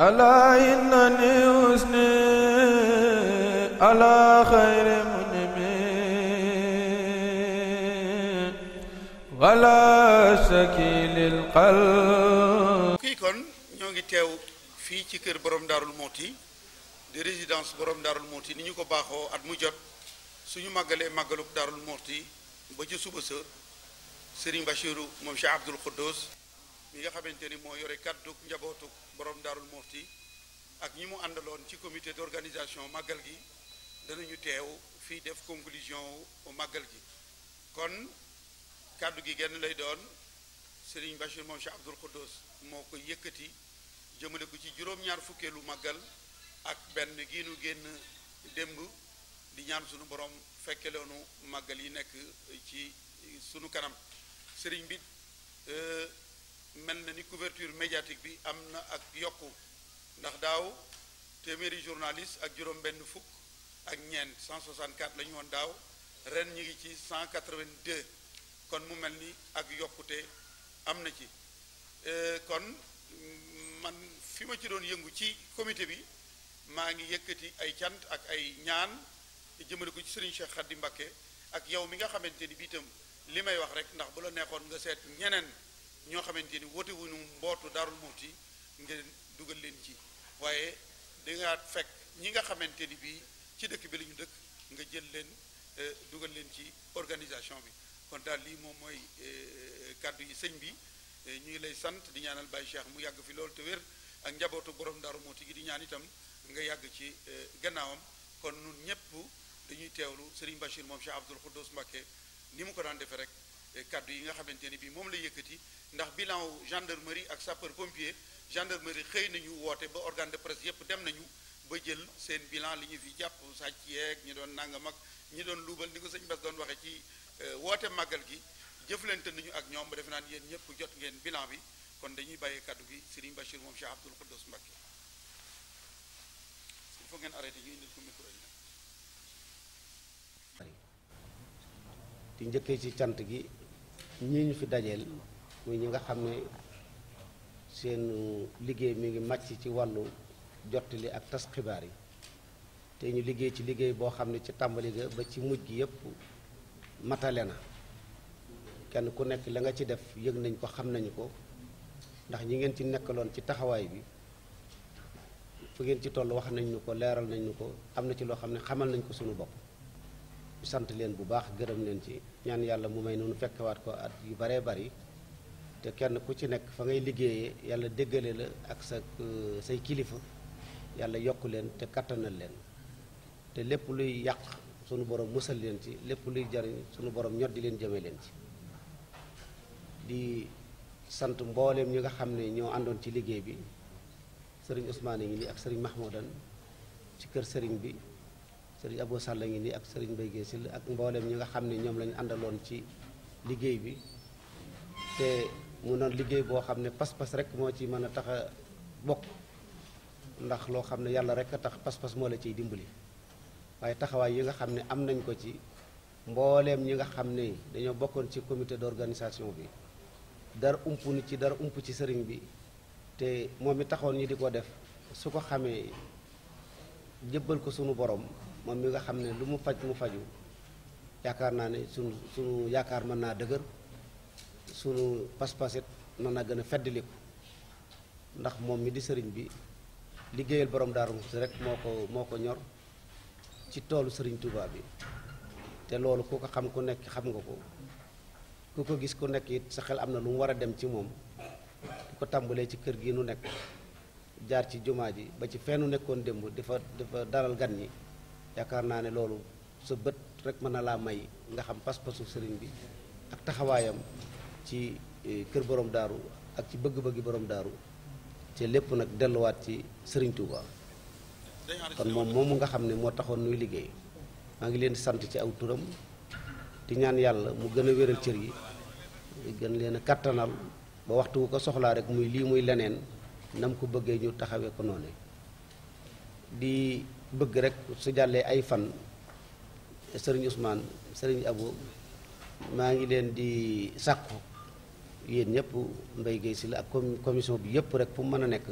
ألا إنني أثني على خير منمي ولا شكي للقلب kii kon ñoo ngi teew fii ci kër borom Daarul Mouti di résidence borom Daarul Mouti ni ñu ko baaxoo at mu jot suñu màggalee màggaluk Daarul Mouti ba ci suba sa Serigne Bachirou moom Cheikh Abdoul Khoudous mi nga xamante ni moo yore kàddug njabootuk borom daarul Muxti ak ñi mu àndaloon ci comité d'organisation màggal gi danañu teew fii def conclusion wu màggal gi kon kàddu gi genn lay doon sëriñ Bachir moom Cheikh Abdoul Khoudous moo ko yëkkati jëmale ko ci juróom-ñaar fukkeelu màggal ak benn gii nu génn démb di ñaan sunu borom fekke leenu màggal yi nekk ci sunu kanam sëriñ bi euh, mel na ni couverture médiatique bi am na ak yokku ndax daaw téeméeri journaliste ak juróom-benn fukk ak ñeent 164 la ñu woon daaw ren ñu ngi ci 182 kon mu mel ni ak yokkute am na ci euh, kon man fi ma ci yëngu ci comité bi maa ngi yëkkati ay cant ak ay ñaan jëmale ko ci Serigne Cheikh Khady Mbacké ak yow mi nga xamante ni bii itam li may wax rek ndax bu la nekkoon nga seet ñeneen. ñoo xamante ni woote wuñu mbootu daarul muuti ngeen dugal leen ci waaye danga fekk ñi nga xamante ni bii ci dëkk bi lañu dëkk nga jël leen euh, dugal leen ci organisation bi kon daal lii moom mooy euh, kàddu yi sëñ bi euh, ñu ngi lay sant di ñaanal Baye Cheikh mu yàgg fi loolu te wér ak njabootu borom daaru mooti gi di ñaan itam nga yàgg ci gannaawam kon nun ñëpp dañuy teewlu Serigne Bachir moom Cheikh Abdoul Khoudous Mbacké ni mu ko daan defee rek kàddu yi nga xamante ni bii moom la yëkkati ndax bilan wu gendarmerie ak sapeur pompier gendarmerie xëy nañu woote ba organe de presse yépp dem nañu ba jël seen bilan li ñu fi jàpp sàcc yeeg ñi doon nangam mag ñi doon luubal ni ko sëñ Bass doon waxee ci euh, woote màggal gi jëflante nañu ak ñoom ba defe naan yéen ñëpp jot ngeen bilan bi kon dañuy bàyyi kaddu gi Serigne Bachir moom Cheikh Abdoul Khoudoss Mbacké il faut ngeen arrêté ñu indil ko njëkkee ci cant gi ñii ñu fi dajeel. muy ñi nga xam ne seen liggéey mi ngi màcc ci wàllu jottali ak tas xibaar yi te ñu liggéey ci liggéey boo xam ne ci tàmbali ga ba ci mujj gi yépp matale na kenn ku nekk la nga ci def yëg nañ ko xam nañu ko ndax ñi ngeen ci nekkaloon ci taxawaay bi fu ngeen ci toll wax nañ ñu ko leeral nañ ñu ko am na ci loo xam ne xamal nañ ko suñu bopp sant leen bu baax gërëm leen ci ñaan yàlla mu may noonu fekkewaat ko at yu baree bari te kenn ku ci nekk fa ngay liggéeyee yàlla déggale la ak sa euh, say kilifa yàlla yokk leen te kattanal leen te lépp luy yàq sunu borom musal leen ci lépp luy jariñ sunu borom ñot di leen jëme leen ci di sant mbooleem ñi nga xam ne ñoo àndoon ci liggéey bi sëriñ Ousmane ngi nii ak sëriñ Mahmoudan ci kër sëriñ bi sëriñ Abou Sall ngi nii ak sëriñ Mbaye Guèye ak mbooleem ñi nga xam ne ñoom lañu àndaloon ci liggéey bi te mu doon liggéey boo xam ne pas-pas rek moo ci mën a tax bokk ndax loo xam ne yàlla rek a tax pas-pas moo la ciy dimbali waaye taxawaay yi nga xam ne am nañ ko ci mbooleem ñi nga xam ne dañoo bokkoon ci comité d'organisation bi dara ump ni ci dara ump ci sëriñ bi te moom mi taxoon ñi di ko def su ko xamee jëbbal ko sunu borom moom mi nga xam ne lu mu faj mu faju yaakaar naa ne sunu sunu yaakaar mën naa dëgër sunu pas-pasit noonu na gën a feddaliku ndax moom mi di sëriñ bi liggéeyal borom daaru nyor rek moo ko ñor ci sëriñ bi te loolu ko xam ku nekk xam nga ko ku ko gis ku nekk it sa xel am lu mu dem ci moom ku ko tàmbalee ci kër gi nu nekk jaar ci jumaa ji ba ci fennu nekkoon démb dafa dafa dalal gan ñi yaakaar naa ne loolu sa bët rek mën lama laa may nga xam pas-pasu sëriñ bi ak taxawaayam ci eh, kër borom daaru ak ci bëgg-bëggi borom daaru te lépp nag delluwaat ci sëriñ Touba kon moom moomu nga xam ne moo taxoon nuy liggéey maa ngi leen di sant ci aw turam di ñaan yàlla mu gën a wéral cër yi gën leen a kattanal ba waxtu wu ko soxlaa rek muy lii muy leneen nam ko bëggee ñu taxawee ko noonu di bëgg rek su jàllee ay fan sëriñ Ousmane sëriñ Abo maa ngi leen di sàkku yéen ñëpp Mbaye Guèye Sylla ak commission bi yëpp rek fu mu mën a nekk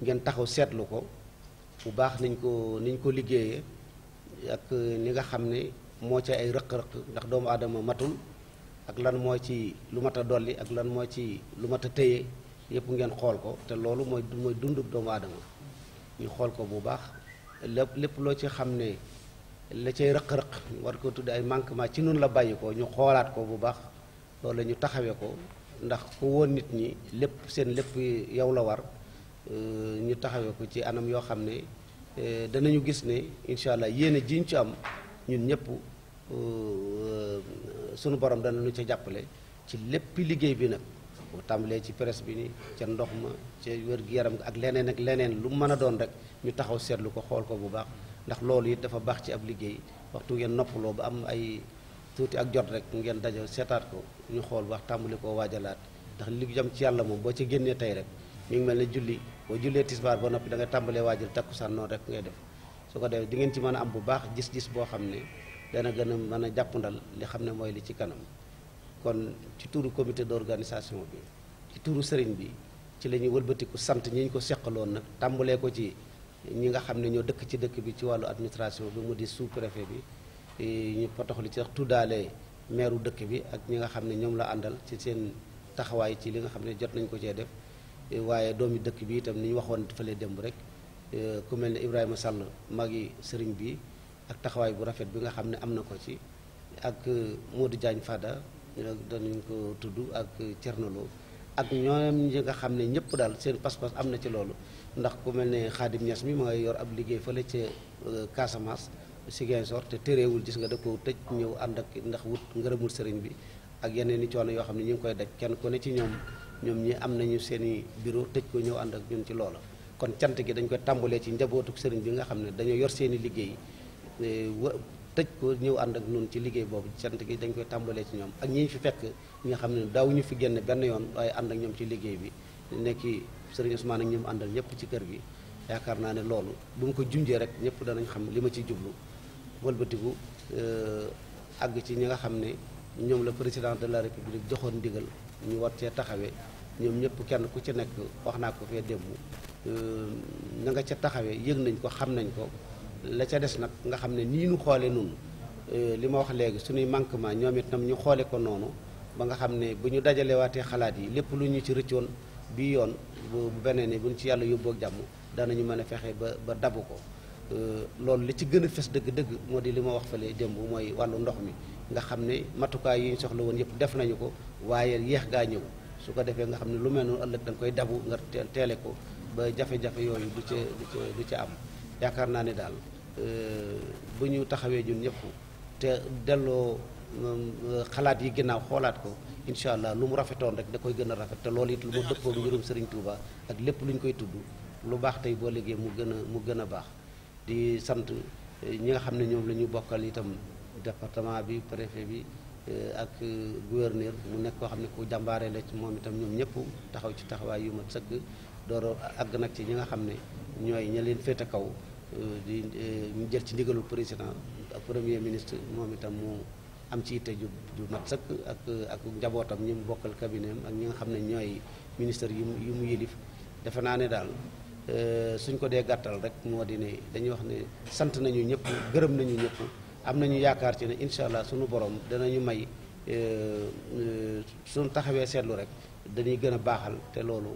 ngeen taxaw seetlu ko bu baax niñ ko niñ ko liggéeyee ak ni nga xam ne moo ci ay rëq-rëq ndax doomu aadama matul ak lan moo ci lu mat dolli ak lan ci lu ngeen ko te loolu mooy mooy dundub doomu aadama ñu xool ko bu baax lépp lépp loo ci xam ne la cay rëq-rëq war ko tudde ay manquement ci nun la bàyyi ko ñu xoolaat ko bu baax loolu ñu ko ndax ku woon nit ñi lépp seen lépp yow la war euh, ñu taxawee ko ci anam yoo xam ne euh, danañu gis ne incha allah yéene jiñ ci am ñun ñëpp euh, sunu borom danañu ca jàppale ci léppi liggéey bi nag bu tàmbalee ci presse bi ni ca ndox ma ca wér-gu-yaram ak leneen ak leneen lu mën a doon rek ñu taxaw seetlu ko xool ko bu baax ndax loolu it dafa baax ci ab liggéey waxtu ngeen noppaloo ba am ay tuuti ak jot rek ngeen daje seetaat ko ñu xool wax tàmbali koo waajalaat ndax li jëm ci yàlla moom boo ci génnee tey rek mi ngi mel ne julli boo jullee tisbaar ba noppi da nga tàmbalee waajal takkusaan noonu rek ngay def su ko defee di ngeen ci mën a am bu baax gis-gis boo xam ne dana gën a mën a jàppandal li xam ne mooy li ci kanam kon ci turu comité organisation bi ci turu sëriñ bi ci la ñuy wëlbatiku sant ñi ñu ko seqaloon nag tàmbalee ko ci ñi nga xam ne ñoo dëkk ci dëkk bi ci wàllu administration bi mu di sous-préfet bi Eh, ñu potoxlu ci sax tuddaale dëkk bi ak ñi nga xam ne ñoom la àndal ci seen taxawaay ci li nga xam ne jot nañ ko cee def eh, waaye doomi dëkk bi itam ni ñu waxoon fële démb rek eh, ku mel ibrahima sàll magi sëriñ bi ak taxawaay bu rafet bi nga xam ne am ko ci ak Modou Diagne Fada danañ ko tudd ak Cernolo ak ñoom ñi nga xam ne ñëpp seen pas-pas am na ci loolu ndax ku mel ne Xaadim Ñas mi ma yor ab liggéey fële ca Casamance Ziguinchor te téréewul gis nga da ko tëj ñëw ànd ak ndax wut ngërëmul sëriñ bi ak yeneen i coono yoo xam ne ñu ngi koy daj kenn ku ne ci ñoom ñoom ñi am nañu seen i bureau tëj ko ñëw ànd ak ñun ci loola kon cant gi dañ koy tàmbalee ci njabootuk sëriñ bi nga xam ne dañoo yor seen i liggéey e, tëj ñëw ànd ak ñun ci liggéey boobu cant gi dañ koy tàmbalee ci ñoom ak ñi fi fekk ñi nga xam ne daaw ñu fi génn benn yoon waaye ànd ak ñoom ci liggéey bi nekki sëriñ Ousmane ak ñoom àndal ñëpp ci kër gi yaakaar naa ne loolu bu ma ko junjee rek ñëpp danañ xam li ma ci jublu wëlbatiku euh, àgg ci ñi nga xam ne ñoom la président de la république joxoon ndigal ñu war cee taxawee ñoom ñëpp kenn ku ci nekk wax naa ko fee démb na euh, nga ca taxawee yëg nañ ko xam nañ ko la ca des nag nga xam ne nii ñu xoolee noonu euh, li ma wax léegi suñuy manquement ñoom itam ñu xoole ko noonu ba nga xam ne bu ñu dajalewaatee xalaat yi lépp lu ñu ci rëccoon bi yoon bu beneen ni buñ ci yàlla yóbbook jàmm danañu mën a fexe ba ba dabu ko Euh, loolu li ci gën a fes dëgg-dëgg moo di li ma wax fale démb mooy wàllu ndox mi nga xam ne matukaay yi ñu soxla woon yëpp def nañu ko waaye yeex gaa ñëw su ko defee nga xam ne lu mel noonu ëllëg danga koy dabu nga teele ko ba jafe-jafe yooyu du ca du ca du ca am yaakaar naa ne daal euh, bu ñu taxawee ñun ñëpp te delloo euh, xalaat yi ginnaaw xoolaat ko incha allah lu mu rafetoon rek da koy gën a rafet te loolu it lu mu dëppoo njurum Serigne Touba ak lépp lu ñu koy tudd lu baax tey boo liggéey mu gën a mu gën a baax di sant eh, ñi nga xam ne ñoom la ñu bokkal itam departement bi préfet bi eh, ak eh, gouverneur mu nekk koo xam ne ko jàmbaare la ci moom itam ñoom ñëpp taxaw ci taxawaay yu mat sëkk door àgg nag ci ñi nga xam ne ñooy ña leen féete kaw di ñu jël ci ndigalu président ak premier ministre moom itam mu am ci ite ju ju mat sëkk ak ak njabootam ñi mu bokkal cabinet ak ñi nga xam ne ñooy ministère yu mu yu mu yilif defe naa ne daal Euh, suñ ko dee gàttal rek moo di ne dañuy wax ne sant nañu ñëpp gërëm nañu ñëpp am nañu yaakaar ci ne incha allah suñu borom danañu may euh, euh, suñu taxawee seetlu rek dañuy gën a baaxal te loolu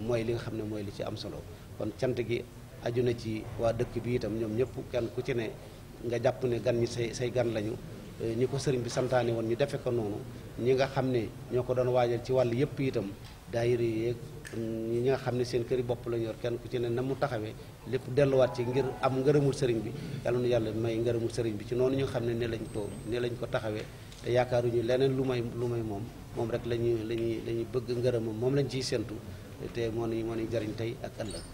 mooy li nga xam ne mooy li ci am solo kon cant gi aju na ci waa dëkk bi itam ñoom ñëpp kenn ku ci ne nga jàpp ne gan ñi say say gan lañu ñi ko sëriñ bi santaane woon ñu defe ko noonu ñi nga xam ne ñoo ko doon waajal ci wàll yëpp itam daayira yeeg ñi nga xam ne seen këri bopp la yor kenn ku ci ne na mu taxawee lépp delluwaat ci ngir am ngërëmul sëriñ bi yàlla yàlla may ngërëmul sëriñ bi ci noonu ñu xam ne ne lañ ko ne lañ ko taxawee te yaakaaruñu leneen lu may lu may moom moom rek la ñu la ñuy la ñuy bëgg ngërëmam moom lañ ciy séntu te moo nañu moo nañu jariñ tey ak ëllëg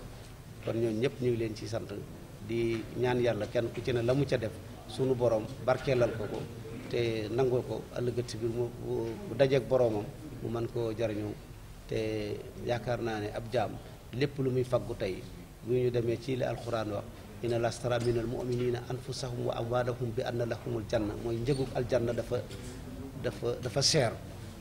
kon ñoom ñëpp ñu ngi leen ciy sant di ñaan yàlla kenn ku ci ne la mu ca def sunu borom barkeelal ko ko te nangoo ko ëllëgat si biir mu bu dajeeg boroomam mu mën koo jariñoo te yaakaar naa ne ab jaam lépp lu muy faggu tey bu ñu demee ci li alxuraan wax inna la stara minal muminina anfusahum wa amwalahum bi la lahumul jànn mooy njëgug aljanna dafa dafa dafa seer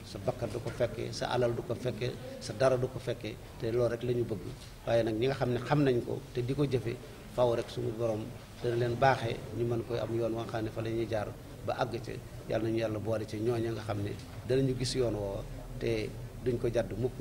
sa bakkan du ko fekkee sa alal du ko fekkee sa dara du ko fekkee te loolu rek la ñu bëgg waaye nag ñi nga xam ne xam nañ ko te di ko jëfe faw rek suñu borom dana leen baaxe ñu mën koy am yoon wa nga xam ne fa la ñuy jaar ba àgg ca yàlla nañu yàlla boole ñooña nga xam ne danañu gis yoon duñ ko jàdd mukk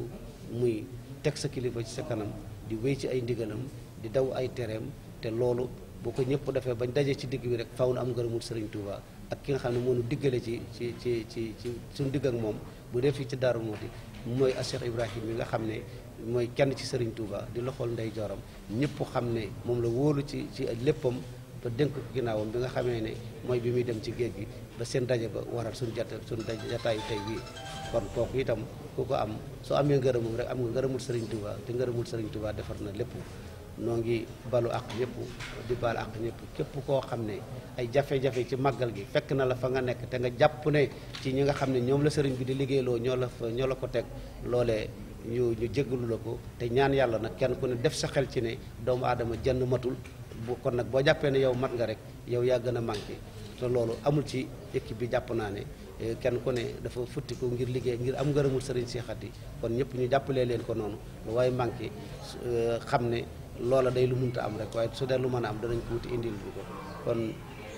muy teg sa kilifa ci sa kanam di wéy ci ay ndigalam di daw ay tereem te loolu boo ko ñëpp defee bañ dajee ci digg bi rek faw na am ngërëmul sëriñ Touba ak ki nga xam ne moonu diggale ci ci ci ci ci suñu moom bu dee fii ci Daaru Muxti mooy a Cheikh Ibrahim mi nga xam ne mooy kenn ci sëriñ Touba di loxol ndey joram xam ne moom la wóolu ci ci léppam ba dénk ko ginnaawam bi nga xamee ne mooy bi muy dem ci géej gi ba seen daje ba waral suñu jat suñu jataayu tey bii kon kooku itam ku ko am soo amee ngërëmam rek am nga ngërëmul Serigne Touba te ngërëmul Serigne Touba defar na lépp noo ngi balu ak ñëpp di bal ak ñëpp képp koo xam ne ay jafe-jafe ci màggal gi fekk na la fa nga nekk te nga jàpp ne ci ñi nga xam ne ñoom la sëriñ bi di liggéeyloo ñoo la fa ñoo la ko teg loole ñu ñu jéggalu la ko te ñaan yàlla nag kenn ku def sa xel ci ne doomu aadama jënn matul bu kon nag boo jàppee ne yow mat nga rek yow yaa gën a manqué te loolu amul ci équipe bi jàpp naa ne eh, kenn ku ne dafa futtiku ngir liggéey ngir am ngërëmul sëriñ si xati kon ñëpp ñu jàppalee leen ko noonu lu waaye manqué eh, xam ne loola day lu munta am rek waaye su dee lu mën a am danañ ko wuti indil bu ko kon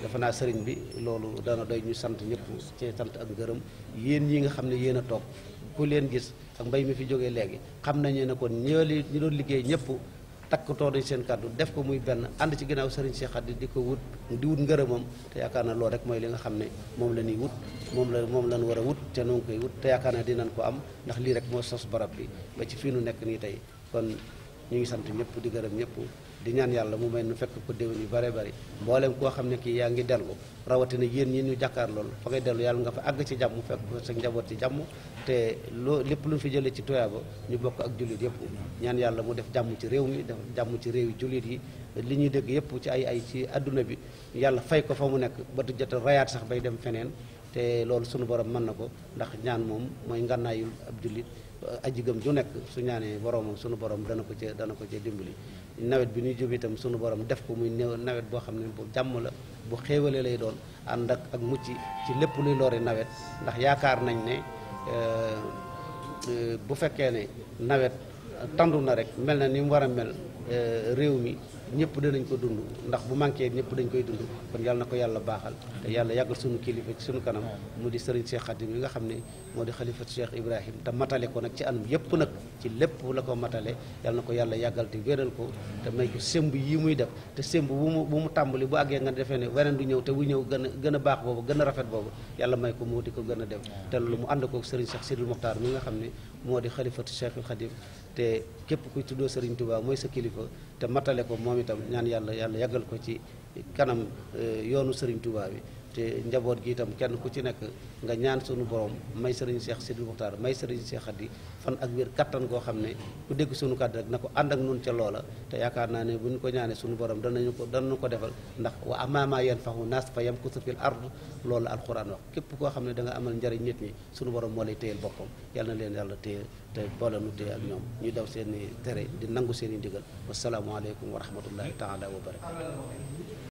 dafa naa sëriñ bi loolu dana doy ñu sant ñëpp ci sant ak ngërëm yéen ñi nga xam ne yéen a toog ku leen gis ak mbay mi fi jógee léegi xam nañu ne kon ñëli ñi doon liggéey ñëpp takkutoo nañ seen kàddu def ko muy benn ànd ci ginnaaw sëriñ Cheikh Khady di ko wut di wut ngërëmam te yaakaar na lool rek mooy li nga xam ne moom la ñuy wut moom la moom lañ war a wut te nu ngi koy wut te yaakaar na dinañ ko am ndax lii rek moo sos barab bi ba ci fii nu nekk nii tey kon ñu ngi sant ñëpp di gërëm ñëpp di ñaan yàlla mu mel nu fekk ko déwén yu bare bari mboolem koo xam ne kii yaa ngi dellu rawatina yéen ñi ñu jàkkaar loolu fa ngay dellu yàlla nga fa àgg ci jàmm fekk ko sa njaboot ci jàmm te loo lépp lu fi jëlee ci toyaaba ñu bokk ak jullit yëpp ñaan yàlla mu def jàmm ci réew mi def jàmm ci réew yi jullit li ñuy dégg yëpp ci ay ay ci adduna bi yàlla fay ko fa mu nekk ba du rayaat sax bay dem feneen te loolu sunu borom mën na ko ndax ñaan moom mooy ngànnaayul ab jullit aji gëm ju nekk su ñaanee boromam sunu borom dana ko ci dana ko ci dimbali nawet bi ñuy jóg itam sunu borom def ko muy néew nawet boo xam ne bu jàmm la bu xéewalee lay doon ànd ak ak mucc ci lépp luy lori nawet ndax yaakaar nañ ne euh, euh, bu fekkee ne nawet euh, tàndu na rek mel na ni war a mel réew mi ñëpp danañ ko dund ndax bu manqué ñëpp dañ koy dund kon yàlla na ko yàlla baaxal te yàlla yàggal sunu kilifa ci sunu kanam mu di sëriñ Cheikh Khadim yi nga xam ne moo di xalifatu Cheikh Ibrahim te matale ko nag ci anam yëpp nag ci lépp la ko matale yàlla na ko yàlla yàggal te ko te may ko muy def te sëmb bu mu bu mu tàmbali bu àggee nga defee ne weneen du ñëw te bu ñëw gën a baax boobu gën a rafet boobu yàlla may ko moo di ko gën a def te loolu mu ànd ko sëriñ Cheikh Sidil Mokhtar mi nga xam ne moo di xalifatu Cheikh Khadim te képp kuy tuddoo Serigne Touba mooy sa kilifa te matale ko moom itam ñaan yàlla yàlla yàggal ko ci kanam eh, yoonu Serigne Touba bi te njaboot gi itam kenn ku ci nekk nga ñaan sunu borom may sëriñ Cheikh Sidil Muxtaar may sëriñ Cheikh Xadi fan ak wér kattan goo xam ne ku dégg sunu kàddu rek na ko ànd ak nun ca loola te yaakaar naa ne bu ñu ko ñaanee sunu borom danañu ko danañu ko defal ndax wa amama faxu naas fa yam kusu fil ard loolu alquran wax képp koo xam ne danga amal njariñ nit ñi sunu borom moo lay téyel boppam yàlla na leen yàlla téyel te boole nu téye ak ñoom ñu daw seeni i di nangu seen i ndigal wasalaamualeykum wa rahmatullahi taala wa barakatu